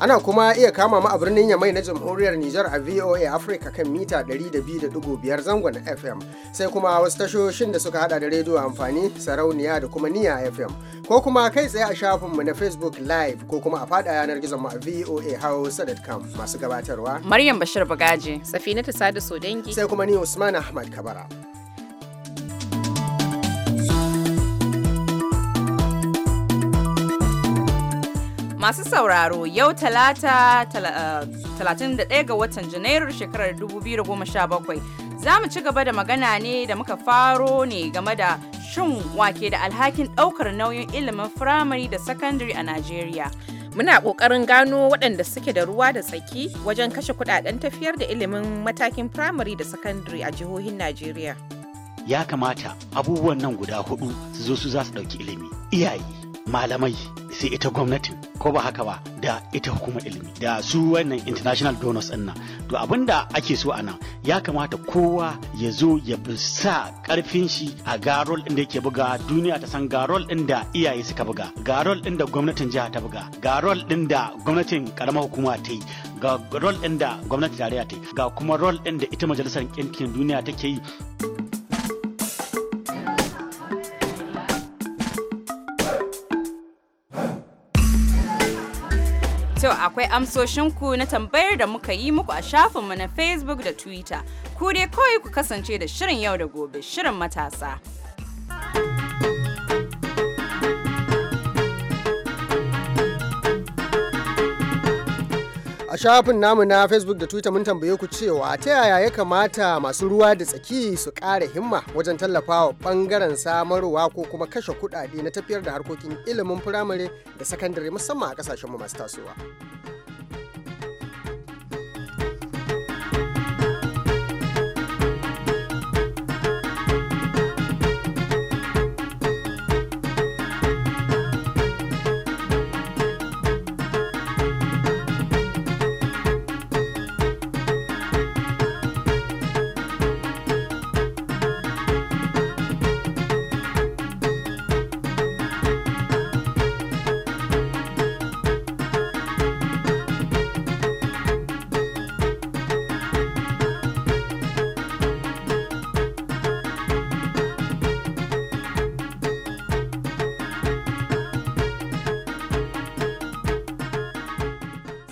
Ana kuma iya kama mu a birnin Yamai na Jamhuriyar Nijar a VOA Africa kan mita 200.5 zangon FM sai kuma wasu tashoshin da suka hada da rediyo amfani sarauniya da kuma niya FM ko kuma kai tsaye a shafinmu na Facebook Live ko kuma a fada yanar gizon mu a voahausa.com masu gabatarwa. Maryam Bashir Bagaji. Safina Tasadu Sodengi. Sai kuma ni Usman Ahmad Kabara. Masu sauraro yau talata 31 eh, ga watan Janairu shekarar 2017 za mu ci gaba da magana ne da muka faro ne game da shin wake da alhakin ɗaukar nauyin ilimin firamare da sakandare a Najeriya. Muna ƙoƙarin gano waɗanda suke da ruwa da tsaki wajen kashe kuɗaɗen tafiyar da ilimin matakin firamare da sakandare a jihohin Najeriya. Ya kamata abubuwan nan guda hudu su zo su za su ɗauki ilimi. Iyaye, malamai sai ita gwamnatin ko ba haka ba da ita hukumar ilimi da su wannan international donors ɗin nan to da ake so a nan ya kamata kowa ya zo ya sa karfin shi a garol ɗin da yake buga duniya ta san garol ɗin da iyaye suka buga garol ɗin da gwamnatin jiha ta buga garol ɗin da gwamnatin karamar hukuma ta yi ga rol ɗin da gwamnatin tarayya ta yi ga kuma rol ɗin da ita majalisar kinkin duniya take yi akwai amsoshinku na tambayar da muka yi muku a shafinmu na Facebook da Twitter. Ku dai kawai ku kasance da shirin yau da gobe, shirin matasa. a shafin namu na facebook da twitter mun tambaye ku cewa ta yaya ya kamata masu ruwa da tsaki su ƙara himma wajen tallafawa bangaren samarwa ko kuma kashe kudade na tafiyar da harkokin ilimin firamare da sakandare musamman a kasashen mu masu tasowa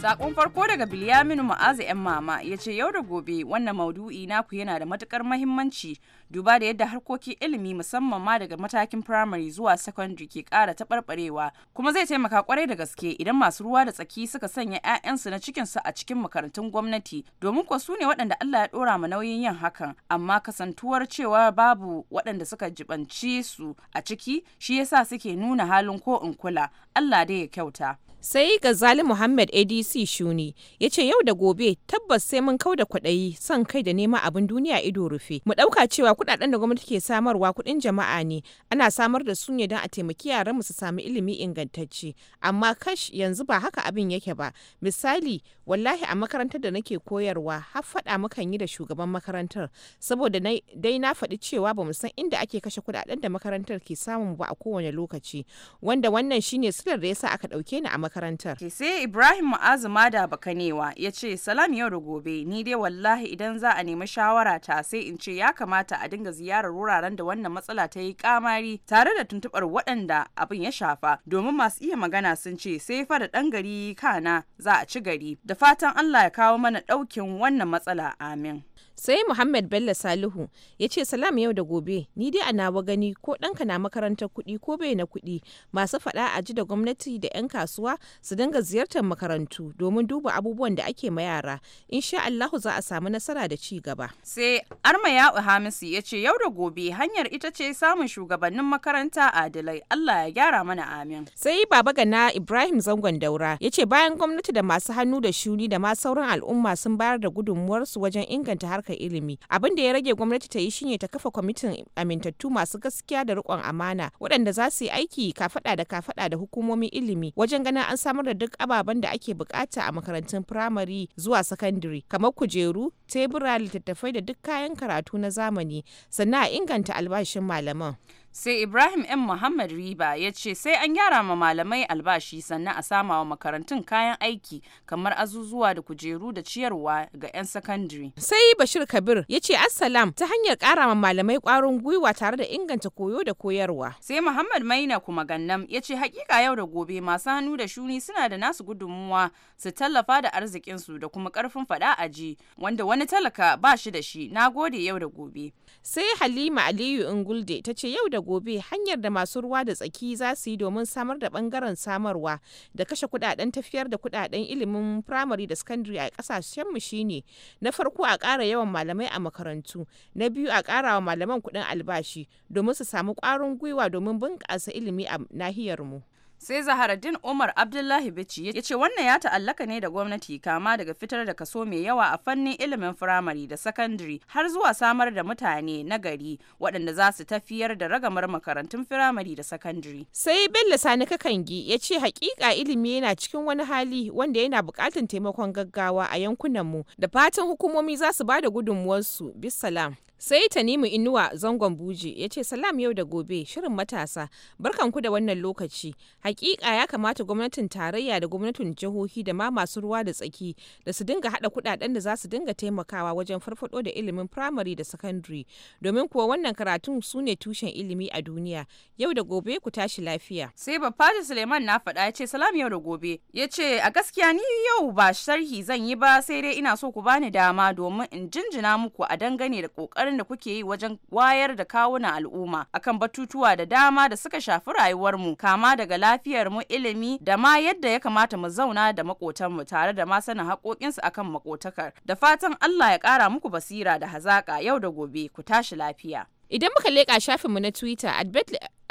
That one farko daga Bilyaminu Ma'aza 'yan mama ya ce yau da gobe wannan maudu'i naku yana da matukar mahimmanci duba da yadda harkokin ilimi musamman ma daga matakin firamare zuwa secondary ke kara taɓarɓarewa kuma zai taimaka kwarai da gaske idan masu ruwa da tsaki suka sanya 'ya'yansu na cikinsu a cikin makarantun gwamnati domin ko su ne waɗanda Allah ya ɗora ma nauyin yin hakan amma kasantuwar cewa babu waɗanda suka jibanci su a ciki shi yasa suke nuna halin ko in kula Allah dai ya kyauta. Sai ga zali Muhammad ADC Juni ya ce yau da gobe tabbas sai mun kau da kwaɗayi son kai da neman abin duniya ido rufe. Mu ɗauka cewa kuɗaɗen da gwamnati ke samarwa kuɗin jama'a ne ana samar da su ne don a taimaki yara mu su samu ilimi ingantacce amma kash yanzu ba haka abin yake ba misali wallahi a makarantar da nake koyarwa har faɗa mukan yi da shugaban makarantar saboda dai na faɗi cewa ba mu san inda ake kashe kuɗaɗen da makarantar ke samun ba a kowane lokaci wanda wannan shine silar da yasa aka ɗauke ni a makarantar. Sai Ibrahim Mu'azu Hamada Bakanewa ya ce salam yau da gobe ni dai wallahi idan za a nemi shawara ta sai in ce ya kamata a dinga ziyarar wuraren da wannan matsala ta yi kamari tare da tuntubar waɗanda abin ya shafa domin masu iya magana sun ce sai fa da ɗan gari kana za a ci gari da fatan Allah ya kawo mana ɗaukin wannan matsala amin. sai muhammad bello salihu ya ce salam yau da gobe ni dai ana wa gani ko ɗanka na makarantar kuɗi ko bai na kuɗi masu faɗa a ji da gwamnati da 'yan kasuwa su dinga ziyartar makarantu domin duba abubuwan da ake ma yara insha allahu za a samu nasara da ci gaba sai arma ya hamisu ya ce yau da gobe hanyar ita ce samun shugabannin makaranta adalai allah ya gyara mana amin sai baba gana ibrahim zangon daura ya ce bayan gwamnati da masu hannu da shuni da ma sauran al'umma sun bayar da gudunmuwarsu wajen inganta harkar harkar ilimi abin da ya rage gwamnati ta yi shine ta kafa kwamitin amintattu masu gaskiya da rikon amana waɗanda za su yi aiki kafaɗa da kafaɗa da hukumomin ilimi wajen ganin an samar da duk ababen da ake bukata a makarantun firamare zuwa sakandare kamar kujeru tebura littattafai da duk kayan karatu na zamani sannan a inganta albashin malaman. sai ibrahim m muhammad riba ya ce sai an gyara ma malamai albashi sannan a sama wa makarantun kayan aiki kamar azuzuwa da kujeru da ciyarwa ga 'yan sakandare sai bashir kabir ya ce assalam ta hanyar kara ma malamai kwarin gwiwa tare da inganta koyo da koyarwa sai muhammad maina kuma gannam ya ce hakika yau da gobe masu hannu da shuni suna da nasu gudunmuwa su tallafa da arzikinsu da kuma karfin fada ji, wanda wani talaka ba shi da shi na gode yau da gobe sai halima aliyu ingulde ta ce yau da gobe hanyar da masu ruwa da tsaki za su yi domin samar da bangaren samarwa da kashe kudaden tafiyar da kudaden ilimin firamare da sakandare a kasashenmu shine na farko a ƙara yawan malamai a makarantu na biyu a ƙara wa malaman kuɗin albashi domin su samu ƙwarin gwiwa domin bunƙasa ilimi a nahiyarmu. sai zaharaddin umar abdullahi bici ya ce wannan ya ta'allaka ne da gwamnati kama daga fitar da kaso mai yawa a fannin ilimin firamare da sakandare har zuwa samar da mutane na gari waɗanda za su tafiyar da ragamar makarantun firamare da sakandare sai bello sani kakangi ya ce hakika ilimi yana cikin wani hali wanda yana buƙatar taimakon gaggawa a yankunan mu da fatan hukumomi za su ba da gudunmuwarsu bisalam Sai Tanimu Inuwa zangon buji ya ce salam yau da gobe shirin matasa barkanku da wannan lokaci. Hakika ya kamata gwamnatin tarayya da gwamnatin jihohi da ma masu ruwa da tsaki da su dinga hada kudaden da za su dinga taimakawa wajen farfado da ilimin firamare da sakandare domin kuwa wannan karatun su ne tushen ilimi a duniya. Yau da gobe ku tashi lafiya. Sai da Suleiman na faɗa ya ce salam yau da gobe. Ya ce a gaskiya ni yau ba sharhi zan yi ba sai dai ina so ku bani dama domin in jinjina muku a dangane da kokarin ƙoƙarin da kuke yi wajen wayar da kawunan al'umma akan batutuwa da dama da suka shafi rayuwarmu kama daga lafiyar mu ilimi da ma yadda ya kamata mu zauna da makotanmu tare da ma sanin haƙoƙinsu akan maƙotakar da fatan Allah ya ƙara muku basira da hazaƙa yau da gobe ku tashi lafiya. Idan muka leƙa shafinmu na Twitter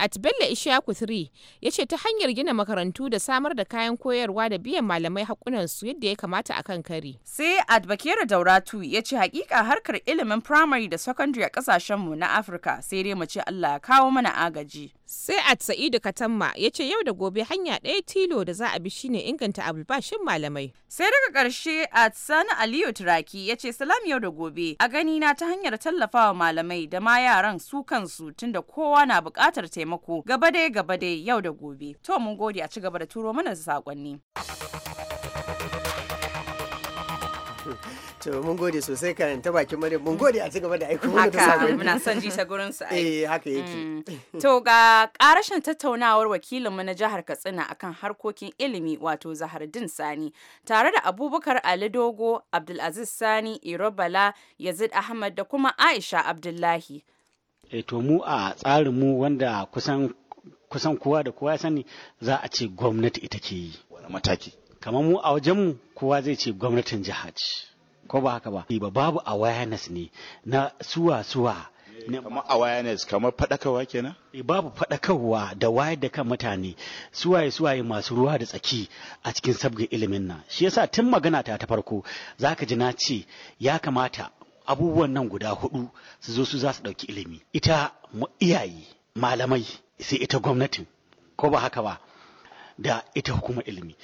at Bello Ishaku 3 ya ce ta hanyar gina makarantu da samar da kayan koyarwa da biyan malamai su yadda ya kamata a kan kari. Sai at Bakira Dauratu ya ce hakika harkar ilimin primary da secondary a ƙasashenmu na Afirka sai dai mu Allah ya kawo mana agaji. Sai at Sa'idu Katamma ya ce yau da gobe hanya ɗaya tilo da za a bi shine inganta albashin malamai. Sai daga ƙarshe at Sani Aliyu Turaki ya ce salam yau da gobe a gani na ta hanyar tallafawa malamai da ma yara yaran su kansu tunda kowa na buƙatar taimako gaba dai gaba dai yau da gobe to mun gode a ci gaba da turo mana saƙonni. to mun gode sosai kan ta bakin mare mun gode a cigaba da aiko mana da haka muna son ji ta gurin su eh haka yake mm. to ga karashin tattaunawar wakilinmu na jihar Katsina akan harkokin ilimi wato Zahardin Sani tare da Abubakar Ali Dogo Abdulaziz Sani Irobala Yazid Ahmad da kuma Aisha Abdullahi e to mu a tsarin mu wanda kusan kusan kowa da kowa ya sani za a ce gwamnati ita ke yi wani mataki kamar mu a wajen mu kowa zai ce gwamnatin jiha ce ko ba haka ba ba babu awareness ne na suwa suwa kamar awareness kamar faɗakarwa kenan eh, babu faɗakarwa da wayar da kan mutane suwaye suwaye masu ruwa da tsaki a cikin sabgar ilimin nan shi yasa tun magana ta ta farko zaka ji na ce ya kamata abubuwan nan guda hudu su zo su za su ɗauki ilimi ita iyaye malamai sai ita gwamnatin ko ba haka ba da ita hukuma ilimi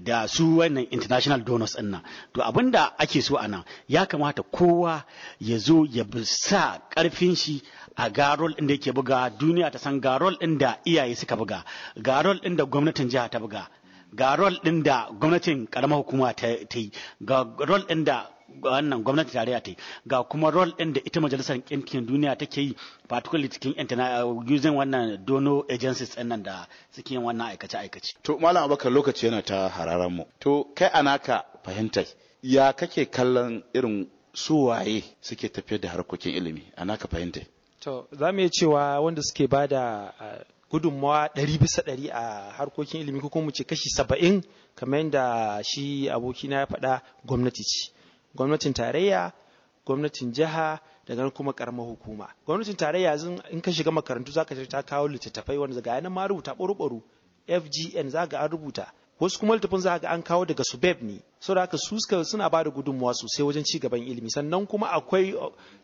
da su wannan international donors ɗin nan to da ake so a nan ya kamata kowa ya zo ya sa ƙarfin shi a garol ɗin da yake buga duniya ta san garol ɗin da iyaye suka buga garol ɗin da gwamnatin jiha ta buga ga rol ɗin da gwamnatin ƙaramar hukuma ta yi ga rol ɗin da wannan gwamnati tarayya ta yi ga kuma role ɗin da ita majalisar ɗinkin duniya take yi particularly cikin uh, using wannan dono agencies ɗin nan da suke yin wannan aikace-aikace. to malam abakar lokaci yana ta hararan mu to kai a naka fahimtai ya kake kallon irin su waye suke tafiyar da harkokin ilimi a naka fahimtai. to za mu iya cewa wanda suke ba da uh, gudunmawa ɗari bisa ɗari a harkokin ilimi ko kuma mu ce kashi saba'in kamar yadda shi abokina ya faɗa gwamnati ce gwamnatin tarayya gwamnatin jiha daga nan kuma karamar hukuma gwamnatin tarayya yanzu in ka shiga makarantu zaka ji ta kawo littattafai wanda ga yanan ma rubuta baro FGN FGN zaka an rubuta wasu kuma littafin za ga an kawo daga subeb ne saboda haka su suka suna ba da gudunmuwa sosai wajen ci gaban ilimi sannan kuma akwai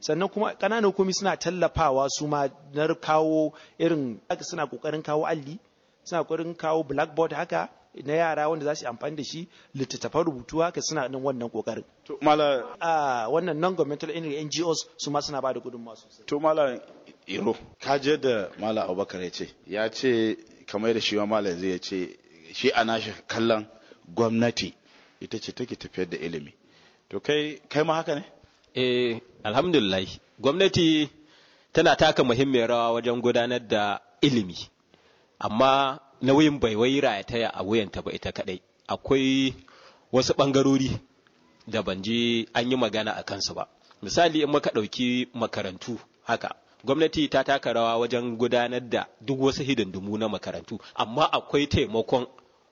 sannan kuma ƙananan hukumi suna tallafawa su ma na kawo irin suna ƙoƙarin kawo alli suna ƙoƙarin kawo blackboard haka na yara wanda za su amfani da shi littattafan rubutu haka suna nan wannan kokarin to mala a wannan non governmental NGOs su ma suna bada gudun sosai to mala iro kaje da mala Abubakar ya ce ya ce kamar da shi ma mala zai ya ce shi a nashi kallon gwamnati ita ce take tafiyar da ilimi to kai kai ma haka ne eh alhamdulillah gwamnati tana taka muhimmiyar rawa wajen gudanar da ilimi amma nauyin bai wai taya a wuyanta ba ita kadai akwai wasu bangarori da ban je an yi magana a kansu ba misali in muka ɗauki makarantu haka gwamnati ta taka rawa wajen gudanar da duk wasu hidindimu na makarantu amma akwai taimakon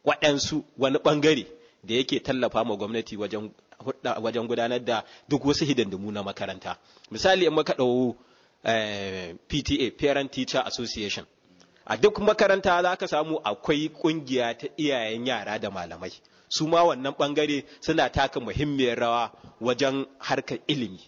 waɗansu wani ɓangare da yake tallafa ma gwamnati wajen gudanar da duk wasu hidindimu na makaranta misali in muka ɗau eh, pta parent teacher association a duk makaranta za ka samu akwai kungiya ta iyayen yara da malamai su ma wannan bangare suna taka muhimmiyar rawa wajen harkar ilimi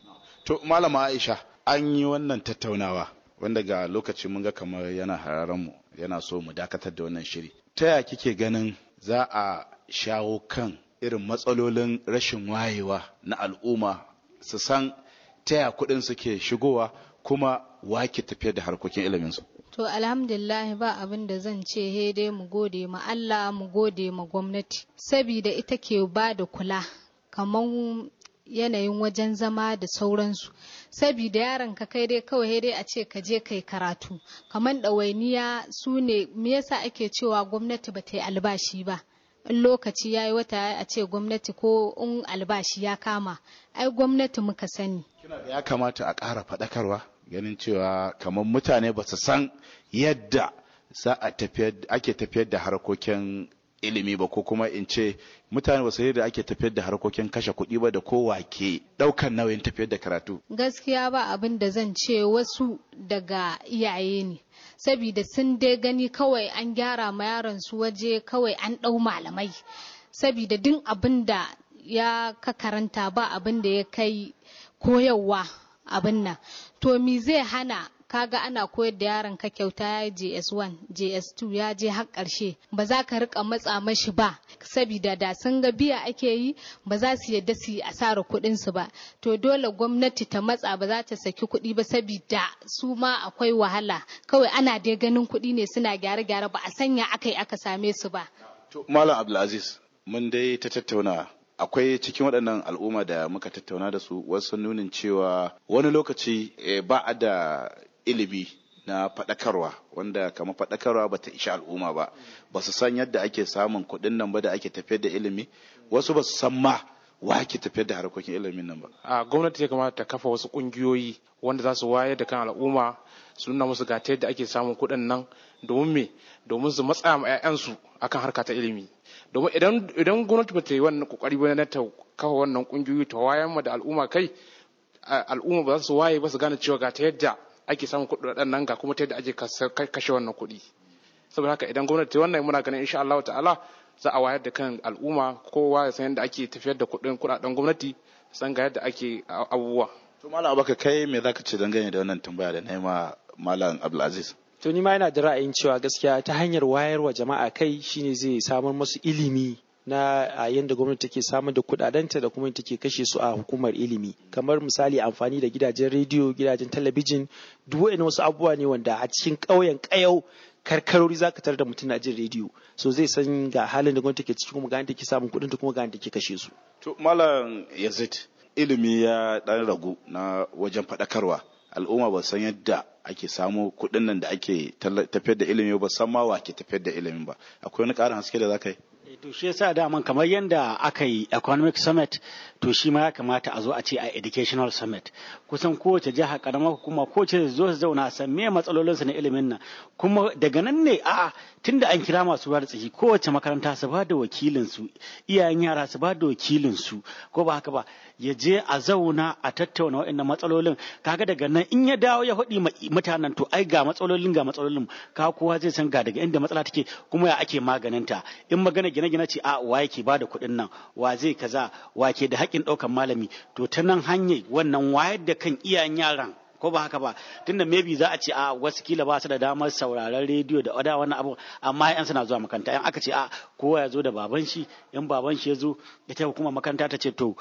to malama aisha an yi wannan tattaunawa wanda ga lokaci mun ga kamar yana hararen mu yana so mu dakatar da wannan shiri ta ya kike ganin za a shawo kan irin matsalolin rashin wayewa na al'umma su san ta ya kuɗin suke shigowa kuma wake tafiyar da harkokin iliminsu To alhamdulillah ba abin da zan ce he dai mu gode ma Allah mu gode ma gwamnati sabida ita ke ba da kula kamar yanayin wajen zama da sauransu sabida yaron ka kai dai kawai dai a ce ka je kai karatu kamar ɗawainiya su ne me yasa ake cewa gwamnati ba ta yi albashi ba in lokaci ya yi wata a ce gwamnati ko in albashi ya kama ai gwamnati muka sani kina da ya kamata a ƙara faɗakarwa ganin cewa kamar mutane ba su san yadda za a ake tafiyar da harkokin ilimi ba ko kuma in ce mutane ba su yadda ake tafiyar da harkokin kashe kuɗi ba da kowa ke ɗaukan nauyin tafiyar da karatu. Gaskiya ba abin da zan ce wasu daga iyaye ne. Sabida sun dai gani kawai an gyara ma yaron su waje kawai an ɗau malamai. Sabida duk abin da ya ka karanta ba abin da ya kai koyarwa abin nan to me zai hana kaga ana koyar da yaron ka kyauta ya JS1, JS2 ya je har ƙarshe ba za ka rika matsa mashi ba sabida da sun ga biya ake yi ba za su yadda su yi asara kuɗin su ba to dole gwamnati ta matsa ba za ta saki kuɗi ba sabida su ma akwai wahala kawai ana dai ganin kuɗi ne suna gyare-gyare ba a sanya akai aka same su ba. Malam Abdulaziz mun dai ta tattauna akwai cikin waɗannan al'umma da muka tattauna da su wasu nunin cewa wani lokaci eh, ba a da ilimi na faɗakarwa wanda kama faɗakarwa ba ta ishi al'umma ba ba su san yadda ake samun kuɗin nan ba da ake tafiyar da ilimi wasu ba su san ma wa ake tafiyar da harkokin ilimin nan ba a gwamnati ya kamata ta kafa wasu ƙungiyoyi wanda za su wayar da kan al'umma su nuna musu ga ta yadda ake samun kuɗin nan domin me domin su matsa ma 'ya'yansu akan harka ta ilimi domin idan gwamnati gwamnati bata yi wannan kokari ba na ta kafa wannan kungiyoyi ta wayar mu da al'umma kai al'umma ba za su waye ba su gane cewa ga ta yadda ake samun kuɗi nan ga kuma ta yadda ake kashe wannan kuɗi saboda haka idan gwamnati ta yi wannan muna ganin insha Allah ta'ala za a wayar da kan al'umma kowa ya san yadda ake tafiyar da kuɗin kuɗaɗen gwamnati san ga yadda ake abubuwa to malam abaka kai me zaka ce dangane da wannan tambaya da naima malam Abdulaziz to ni ma yana da ra'ayin cewa gaskiya ta hanyar wayar wa jama'a kai shine zai samar musu ilimi na a yadda gwamnati take samar da kudadenta da kuma take kashe su a hukumar ilimi kamar misali amfani da gidajen rediyo gidajen talabijin duk wa'in wasu abubuwa ne wanda a cikin ƙauyen ƙayau karkarori zaka tar da mutum na jin rediyo so zai san ga halin da gwamnati take ciki kuma ga take samun kuɗin ta kuma ga take kashe su to malam yazid ilimi ya dan ragu na wajen faɗakarwa al'umma ba san yadda ake samu kuɗin nan da ake tafiyar da ilimi ba san ma wa ke tafiyar da ilimi ba akwai wani ƙarin haske da za ka yi eh, to shi yasa mun kamar yadda aka yi economic summit to shi ma ya kamata a zo a ce a educational summit kusan kowace jiha karamar hukuma kowace zo su zauna san me matsalolin na ilimin nan kuma daga nan ne a tunda an kira masu ba da tsaki kowace makaranta su ba da wakilin iyayen yara su ba da wakilin su ko ba haka ba ya je a zauna a tattauna waɗannan matsalolin kaga daga nan in ya dawo ya faɗi mutanen to ai ga matsalolin ga matsalolin ka kowa zai san ga daga inda matsala take kuma ya ake maganinta in magana gine-gine ce a wa yake ba da kuɗin nan wa zai kaza wa ke da haƙƙin ɗaukan malami to ta nan hanyar wannan wayar da kan iyayen yaran ko ba haka ba tunda maybe za a ce a ah, wasu kila ba su da damar sauraron rediyo da wada wani abu amma yan suna zuwa makaranta 'yan aka ce a ah, kowa ya zo da baban shi 'yan baban shi ya zo ita hukuma makaranta ta ce to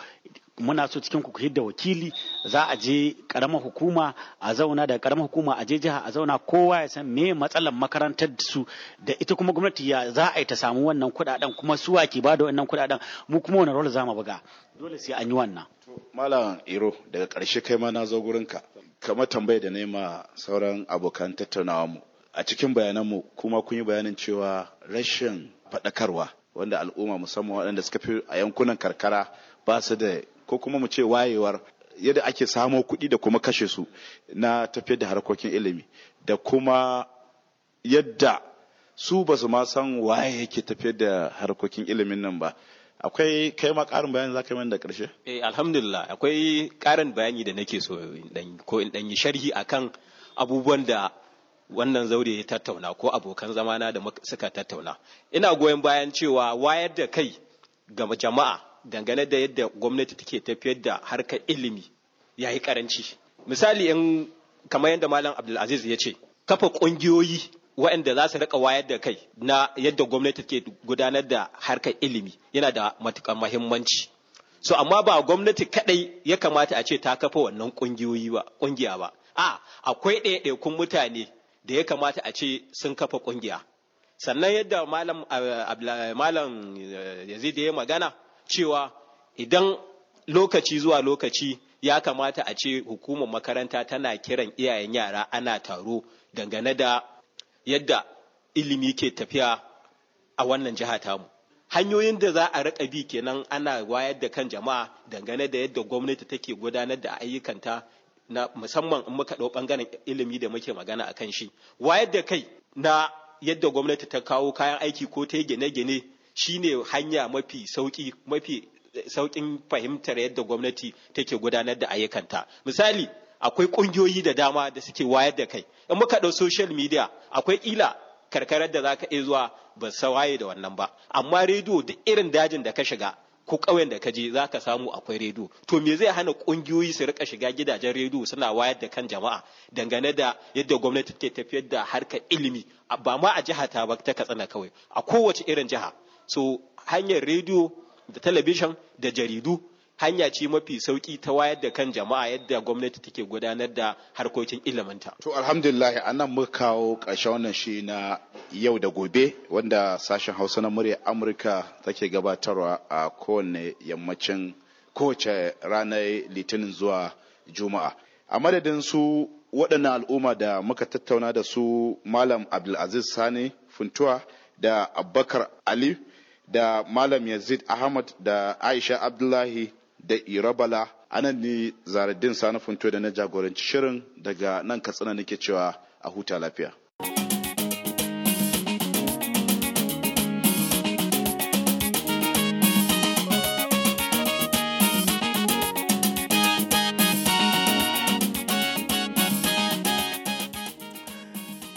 muna so cikin ku hidda wakili za a je karamar hukuma a zauna da karamar hukuma a je jiha a zauna kowa ya san me matsalar makarantar su da ita kuma gwamnati ya za a yi ta samu wannan kudaden kuma su ke ba da wannan kudaden mu kuma wani rol za mu buga dole sai an yi wannan malam iro daga karshe kai ma na zo gurinka kamar tambayar da nema sauran abokan tattaunawa mu a cikin bayananmu kuma kun yi bayanin cewa rashin faɗakarwa wanda al'umma musamman waɗanda suka fi a yankunan karkara ba su da ko kuma mu ce wayewar yadda ake samo kuɗi da kuma kashe su na tafiyar da harkokin ilimi da kuma yadda su ba su ma san waye yake tafiyar da harkokin ilimin nan ba akwai kai ma ƙarin bayani za ka yi da ƙarshe? Eh alhamdulillah akwai karin bayani da nake so ko in ɗanyi sharhi akan abubuwan da wannan zaure ya tattauna ko abokan zamana da suka tattauna. Ina goyon bayan cewa wayar da kai ga jama'a dangane da yadda gwamnati take tafiyar da harkar ilimi ya yi ƙaranci. Misali in kamar yadda Malam Abdulaziz ya ce, kafa ƙungiyoyi waɗanda za su rika wayar da kai na yadda gwamnati ke gudanar da harkar ilimi yana da matuƙar mahimmanci so amma ba gwamnati kaɗai ya kamata a ce ta kafa wannan kungiyoyi ba kungiya ba a akwai ɗaiɗaikun mutane da ya kamata a ce sun kafa ƙungiya. sannan yadda malam malam eh, yazid ya magana cewa idan lokaci zuwa lokaci ya kamata a ce hukumar makaranta tana kiran iyayen yara ana taro dangane da yadda ilimi ke tafiya a wannan jiha tamu hanyoyin da za a rika bi kenan ana wayar da kan jama'a dangane da yadda gwamnati take gudanar da ayyukanta na musamman in muka ɗau ɓangaren ilimi da muke magana akan shi wayar da kai na yadda gwamnati ta kawo kayan aiki ko ta yi gine-gine shine hanya mafi sauki mafi saukin fahimtar yadda gwamnati take gudanar da ayyukanta misali akwai ƙungiyoyi da dama da suke wayar da kai in muka ɗau social media akwai ila karkarar da zaka iya zuwa ba sa waye da wannan ba amma rediyo da irin dajin da ka shiga ko ƙauyen da ka je za ka samu akwai rediyo to me zai hana ƙungiyoyi su rika shiga gidajen rediyo suna wayar da kan jama'a dangane da yadda gwamnati ke tafiyar da harkar ilimi ba ma a jiha ta ba ta katsina kawai a kowace irin jiha so hanyar rediyo da talabishin da jaridu hanya ce mafi sauki ta wayar da kan jama'a yadda gwamnati take gudanar da harkokin iliminta. To alhamdulillah anan muka kawo ƙarshen wannan shi na yau da gobe wanda sashen Hausa na murya Amurka take gabatarwa a kowane yammacin kowace ranar Litinin zuwa Juma'a. A madadin su waɗannan al'umma da muka tattauna da su Malam Abdulaziz Sani Funtuwa da Abubakar Ali da Malam Yazid Ahmad da Aisha Abdullahi da Irabala. A nan ne Zaradin Sani Funto da na jagoranci shirin daga nan Katsina nake cewa a huta lafiya.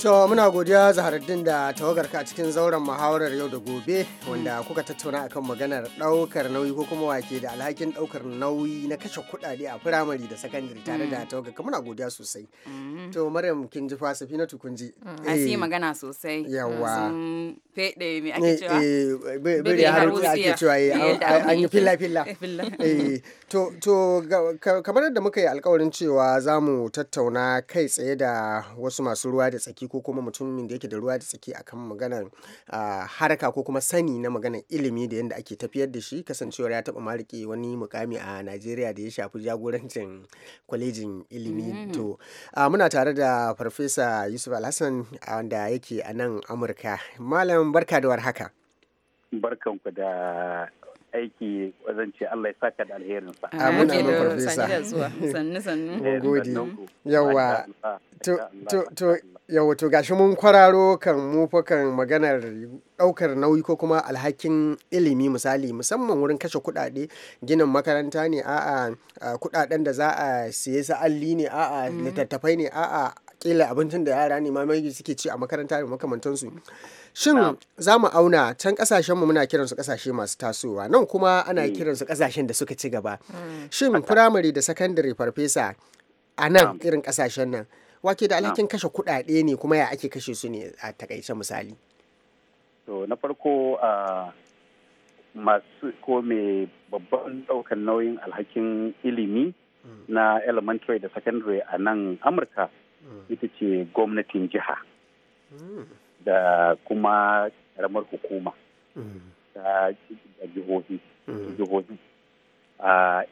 To muna godiya Zaharaddin da tawagarka a cikin zauren muhawarar yau da gobe wanda kuka tattauna akan maganar daukar nauyi ko kuma wake da alhakin daukar nauyi na kashe kudade a firamare da sakandare tare da mm. tawagarka muna godiya sosai. Mm. To Maryam kin ji fasafi na tukunji. A mm. sai eh. magana sosai. Yawa. Fede me ake eh, cewa? Eh, bari har ake cewa an yi filla filla. To to kamar yadda muka yi alkawarin cewa za mu tattauna kai tsaye da wasu masu ruwa da tsaki ko kuma mutumin da yake da ruwa da tsaki akan maganar haraka ko kuma sani na maganar ilimi da yadda ake tafiyar da shi kasancewar ya taɓa marike wani mukami a najeriya da ya shafi jagorancin kwalejin ilimi mm. to muna tare da farfesa yusuf alhassan wanda yake a nan amurka malam barka da warhaka barkanku da aiki wajen ce Allah ya saka da alherinsa. Amin amin farfesa. Sannu sannu. Gode. Yawwa. To yau to gashi mun kwararo kan mu kan maganar daukar nauyi ko kuma alhakin ilimi misali musamman wurin kashe kudade ginin makaranta ne a'a kudaden da za a siye su alli ne a mm-hmm. littattafai ne a'a kila abincin da yara ne mamaye suke ci a makaranta da su shin za mu auna can kasashen mu muna kiransu kasashe masu tasowa nan kuma ana mm. kiransu kasashen da suka ci gaba mm. shin firamare da sakandare farfesa a nan irin kasashen nan wake da alhakin kashe kuɗaɗe ne kuma ya ake kashe su ne a takaice misali to na farko a masu ko mai babban ɗaukar nauyin alhakin ilimi mm. na elementary da secondary a nan amurka mm. ita ce gwamnatin jiha mm. da kuma karamar hukuma da jihohi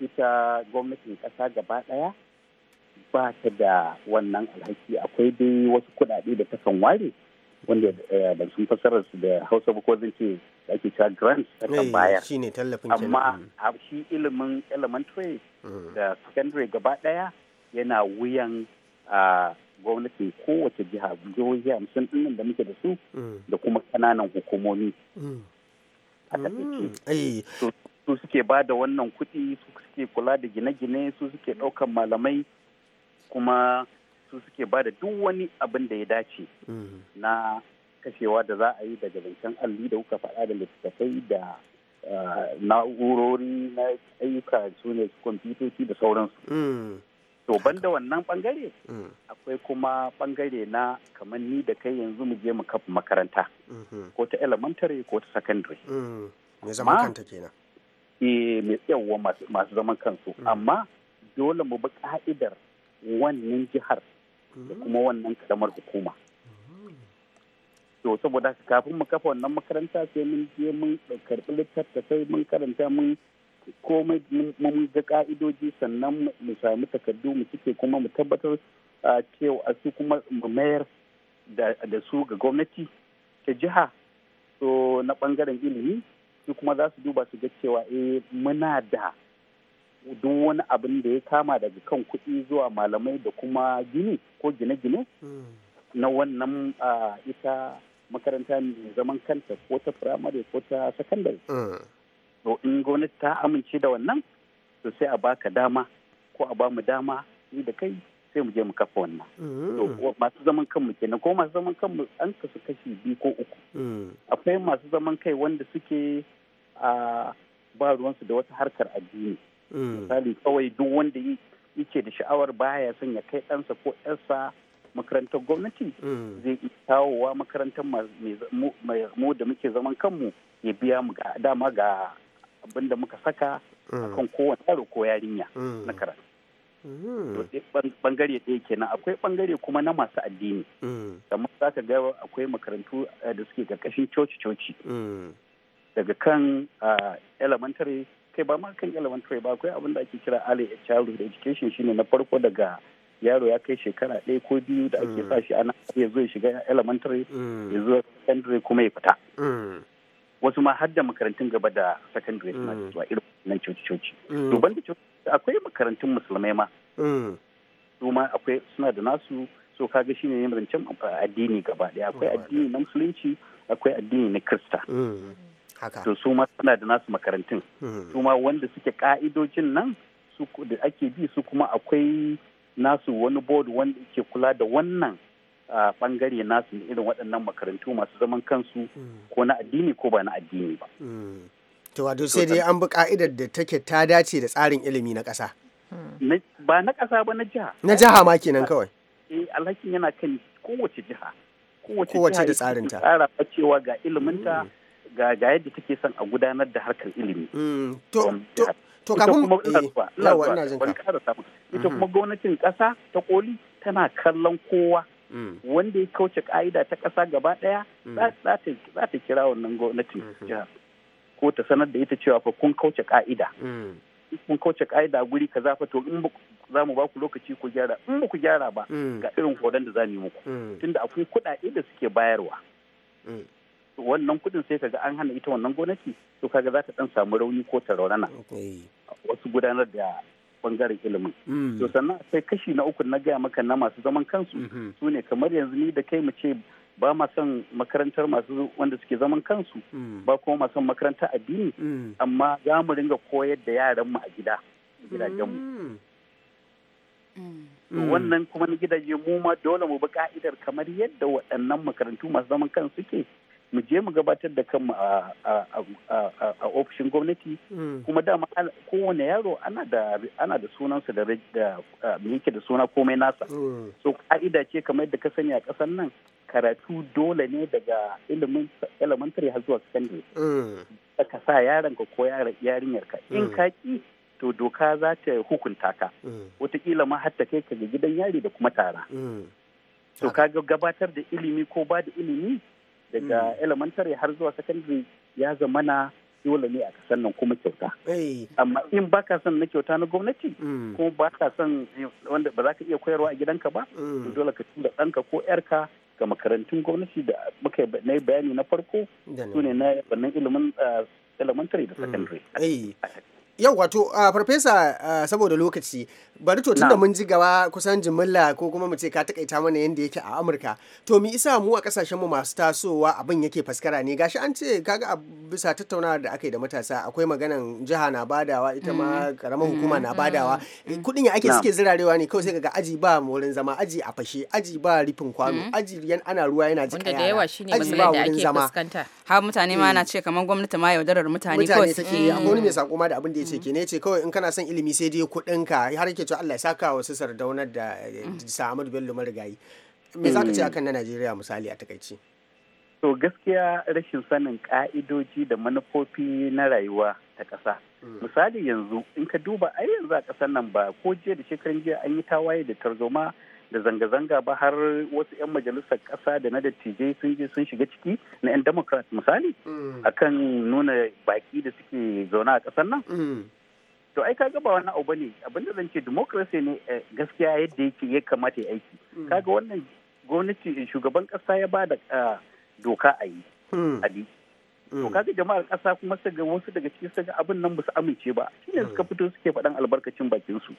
ita gwamnatin ƙasa gaba ɗaya ba ta da wannan alhaki akwai dai wasu kuɗaɗe da ta kan ware wanda eh, ban sun fasara su da hausa ba ko zan ce da ake cewa grants ta kan eh, bayar amma mm. shi ilimin elementary mm. da secondary gaba ɗaya yana wuyan gwamnatin kowace jiha jihohi hamsin ɗin da muke da su mm. da kuma ƙananan hukumomi a taƙaice eh. su suke ba da wannan kuɗi su suke kula da gine-gine su suke ɗaukan malamai kuma su suke ba da duk wani abin da ya dace mm. na kashewa da za a yi daga zancen alli da kuka faɗa da littattafai da eh, na'urori na ayyuka su ne kwamfutoci da sauransu mm. to banda wannan bangare mm. akwai kuma bangare na kamar ni da kai yanzu mu je mu kafa makaranta mm-hmm. ko ta elementary ko ta secondary Me zaman kanta kenan eh me tsayawa masu zaman kansu amma dole mu bi ka'idar wannan jihar da mm-hmm. kuma wannan karamar hukuma mm-hmm. to saboda kafin mu kafa wannan makaranta sai mun je mun karɓi littattafai mun karanta mun komai mun ga ka'idoji sannan mu sami takardu mu cike kuma mu tabbatar cewa su kuma mu mayar da su ga gwamnati ta jiha so na bangaren ilimi su kuma za su duba su ga cewa eh muna da duk wani abin da ya kama daga kan kuɗi zuwa malamai da kuma gini ko gine-gine hmm. na wannan ita makaranta mai zaman kanta ko ta firamare ko ta sakandare. Hmm. To in gwamnati ta amince da wannan to sai a baka dama ko a bamu dama ni da kai sai mu je mu kafa wannan. To hmm. masu zaman kanmu kenan ko masu zaman kanmu an kasu kashi biyu ko uku. Akwai masu zaman kai wanda suke a ba ruwansu da wata harkar addini. misali kawai duk wanda yake da sha'awar baya son ya kai ɗansa ko ƴarsa makarantar gwamnati mm. zai kawowa makarantar mu da muke zaman kanmu ya biya mu dama ga abin da muka saka akan mm. kowane yaro ko yarinya mm. na karatu bangare ɗaya kenan akwai bangare kuma na masu addini kamar za ka ga akwai makarantu eh, da suke ƙarƙashin coci-coci daga kan ah, elementary kai ba ma kan elementary ba akwai abin da ake kira early childhood education shine na farko daga yaro ya kai shekara ɗaya ko biyu da ake mm. sa shi ana ya zo ya shiga elementary ya mm. zo secondary kuma ya fita mm. wasu ma har da makarantun gaba da secondary suna zuwa irin nan coci-coci duban da coci akwai makarantun musulmai ma su ma akwai suna da nasu so kaga shine ne rancen addini gaba ɗaya akwai addini na musulunci akwai addini na krista to su ma suna da nasu makarantun hmm. su ma wanda suke ka'idojin nan da ake bi su kuma akwai nasu wani board wanda ke kula da wannan bangare nasu irin waɗannan makarantu masu zaman kansu hmm. ko na addini ko ba na addini ba hmm. to wato sai dai an bi ka'idar da take ta dace da tsarin ilimi na ƙasa ba na ƙasa ba na jiha na jiha ma kenan kawai eh alhakin yana kan kowace jiha kowace da tsarinta. tsara cewa ga iliminta ga ga yadda take son a gudanar da harkar ilimi. Mm, to to kafin eh, wani ƙara samu. Ita mm-hmm. kuma gwamnatin ƙasa ta koli tana kallon kowa. Mm. Wanda ya kauce ka'ida ta ƙasa gaba ɗaya mm. za ta kira wannan gwamnatin mm-hmm. jihar. Ko ta sanar da ita cewa fa kun kauce ka'ida. kun kauce ka'ida guri kaza fa to in za mu ba ku lokaci ku gyara in ba ku gyara ba ga irin horon da za mu yi muku tunda akwai kuɗaɗe da suke bayarwa wannan kudin sai kaga an hana ita wannan gonaki to kaga za ta dan samu rauni ko ta raunana wasu gudanar da bangaren ilimin mm. to sannan sai kashi na uku na gaya maka na masu zaman kansu mm-hmm. su ne kamar yanzu ni da kai mu ce ba ma son makarantar masu wanda suke zaman kansu mm. ba kuma ma son makaranta addini mm. amma za mu ringa koyar da yaran mu a gida gidajenmu wannan kuma na gidaje mu ma dole mu bi ka'idar kamar yadda waɗannan makarantu masu zaman kansu suke mu je mu gabatar da kanmu a ofishin gwamnati hmm. kuma dama kowane yaro ana da sunansa da yake da suna komai nasa hmm. so ka'ida ce kamar da ka sani a ƙasar nan karatu dole ne daga elementary har zuwa secondary hmm. ka sa ka ko yarinyarka in ka ki to doka za ta hukunta ka wataƙila ma hatta kai ka ga gidan yari da kuma tara to ka gabatar da ilimi ko ba da ilimi daga hmm. elementary har zuwa secondary ya zamana dole ne a kasar nan kuma kyauta. Amma in ba ka son na kyauta na gwamnati hmm. kuma ba ka son wanda ba za ka iya koyarwa a gidanka ba, hmm. dole ka tura ɗanka ko ‘yarka ga makarantun gwamnati da muka na bayani na farko su ne na wannan ilimin ah, elementary da secondary. yau wato farfesa saboda lokaci bari to tunda mun ji gaba kusan jimilla ko kuma mu ce ka takaita mana yadda yake a amurka to mi isa mu a kasashen mu masu tasowa abin yake faskara ne gashi an ce kaga a bisa tattaunawa da aka yi da matasa akwai maganan jiha na badawa ita ma karamar mm. hukuma na badawa mm. eh, kudin ya ake suke zirarewa ne kawai sai kaga aji ba wurin zama aji a fashe aji ba rifin kwano mm. aji yan ana ruwa yana jika yara da yawa shine matsalar da ake har mutane ma na ce kamar gwamnati ma yaudarar mutane kawai suke yi a wani mai sako ma da abin da ce ce ne ce kawai in kana son ilimi sai dai kuɗin ka har yake to Allah ya saka wasu sardaunar da eh, Sa'amadu Bello marigayi me zaka ce mm. akan na Najeriya misali a takaici to gaskiya rashin sanin ka'idoji da manufofi na rayuwa ta ƙasa mm. misali yanzu in ka duba ai yanzu a ƙasar nan ba ko jiya da shekaran jiya an yi tawaye da tarzoma da zanga-zanga ba har wasu 'yan majalisar ƙasa da na dattijai sun je sun shiga ciki na 'yan democrat misali mm. akan nuna baki da suke zaune a ƙasar nan mm. to ai kaga ba wani abu ne abinda zan ce democracy ne eh, gaskiya yadda yake ya kamata ya aiki mm. kaga wannan gwamnati eh, shugaban ƙasa ya ba da ah, doka a yi to kaga jama'ar ƙasa kuma su ga wasu daga cikin su ga abin nan ba su amince ba shi ne suka fito suke faɗan albarkacin bakin su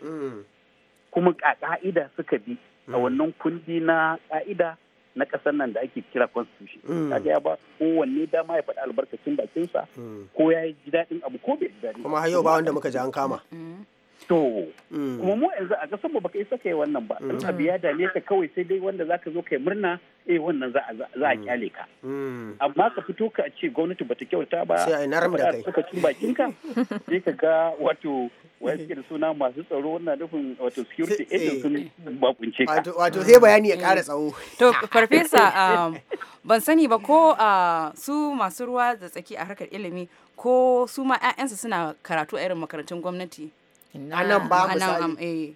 kuma ka ka'ida suka bi a wannan kundi na ka'ida na ƙasar nan da ake kira constitution mm. kaga ya ba kowanne dama ya faɗi albarkacin bakinsa mm. ko ya ji daɗin abu ko bai ji daɗin kuma har yau ba wanda muka ji an kama mm. To, mm. kuma mu yanzu a kasan baka isa kai wannan ba. Mm. In abu ya dame ka kawai sai dai wanda zaka zo kai murna eh wannan za a kyale mm. ka. Amma ka fito ka ce gwamnati bata kyauta ba. Sai a naram da kai. Suka cin bakin ka. Sai ka ga wato wai suke da suna masu tsaro wannan nufin wato security eh. agent sun bakunce ka. Wato sai bayani ya kara tsawo. To, farfesa um, ban sani ba ko uh, su masu ruwa da tsaki a harkar ilimi ko su ma 'ya'yansu suna karatu a irin makarantun gwamnati. a nan ba misali eh.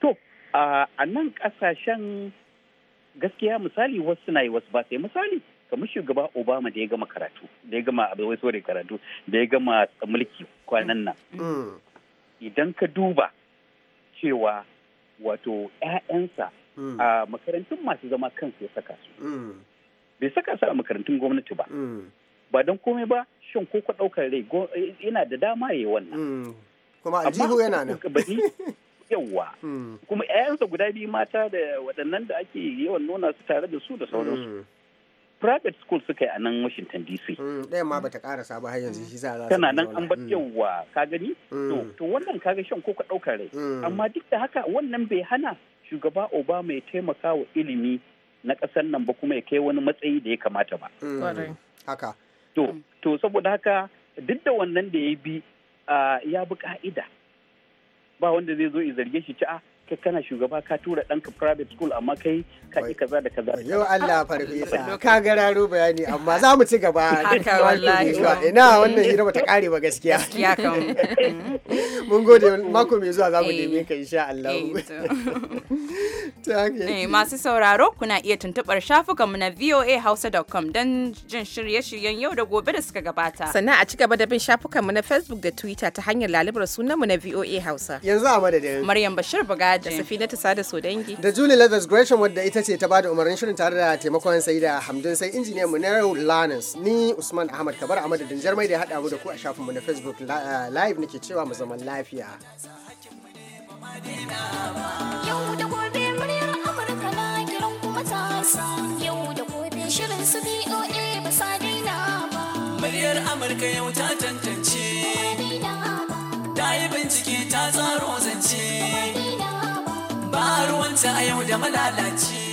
to a nan kasashen gaskiya misali wasu na yi wasu ba sai misali kamar shugaba obama da ya gama karatu da ya gama abin wasu karatu da ya gama mulki kwanan nan mm. idan ka duba cewa wato 'ya'yansa mm. a makarantun masu zama kansu ya saka su mm. bai saka su a makarantun gwamnati ba ba don komai ba shin ko ku ɗaukar rai yana eh, da dama ya yi wannan. Mm. Kuma aljihu yana nan. Yawwa. Mm. Kuma 'ya'yansa guda biyu mata da waɗannan da ake yawan nuna su tare da su da sauransu. Mm. private school suka yi a nan Washington DC. Ɗaya ma bata karasa ba har yanzu shi za Tana nan an bar yawa ka gani? To wannan kaga shan ko ka ɗaukar rai. Amma duk da haka wannan bai hana shugaba Obama ya taimaka wa ilimi na ƙasar nan ba kuma ya kai wani matsayi da ya kamata ba. Haka. to mm. to saboda haka duk da wannan da ya bi ah, ya bi ka'ida ba wanda zai zo ya zarge shi ci ah, ka kana shugaba ka tura ɗanka private school amma kai ka yi kaza da kaza. Yau Allah farfesa ka gararo bayani amma za mu ci gaba. Haka wallahi. Ina wannan hira bata kare ba gaskiya. Gaskiya kan. Mun gode mako mai zuwa za mu neme ka insha eh. Allah. Eh, eh, masu sauraro kuna iya tuntuɓar shafukanmu na voahausa.com don jin shirye-shiryen yau da gobe da suka gabata. Sannan a ci gaba da bin shafukanmu na Facebook da Twitter ta hanyar lalibar sunanmu na VOA Hausa. Yanzu a madadin. Maryam Bashir Buga da safina ta sada so dangi da julie levis gresham wadda ita ce ta bada umarnin shirin tare da taimakon sai da hamdun sai injiniyan mu nero lanus ni usman ahmad kabar a madadin jarmai da ya haɗa mu da ku a shafin mu na facebook eh, live nake cewa mu zaman lafiya Yau da gobe muryar Amurka ta yau ta tantance, ta yi bincike ta zaro zance. ba ruwanta a yau da malalaci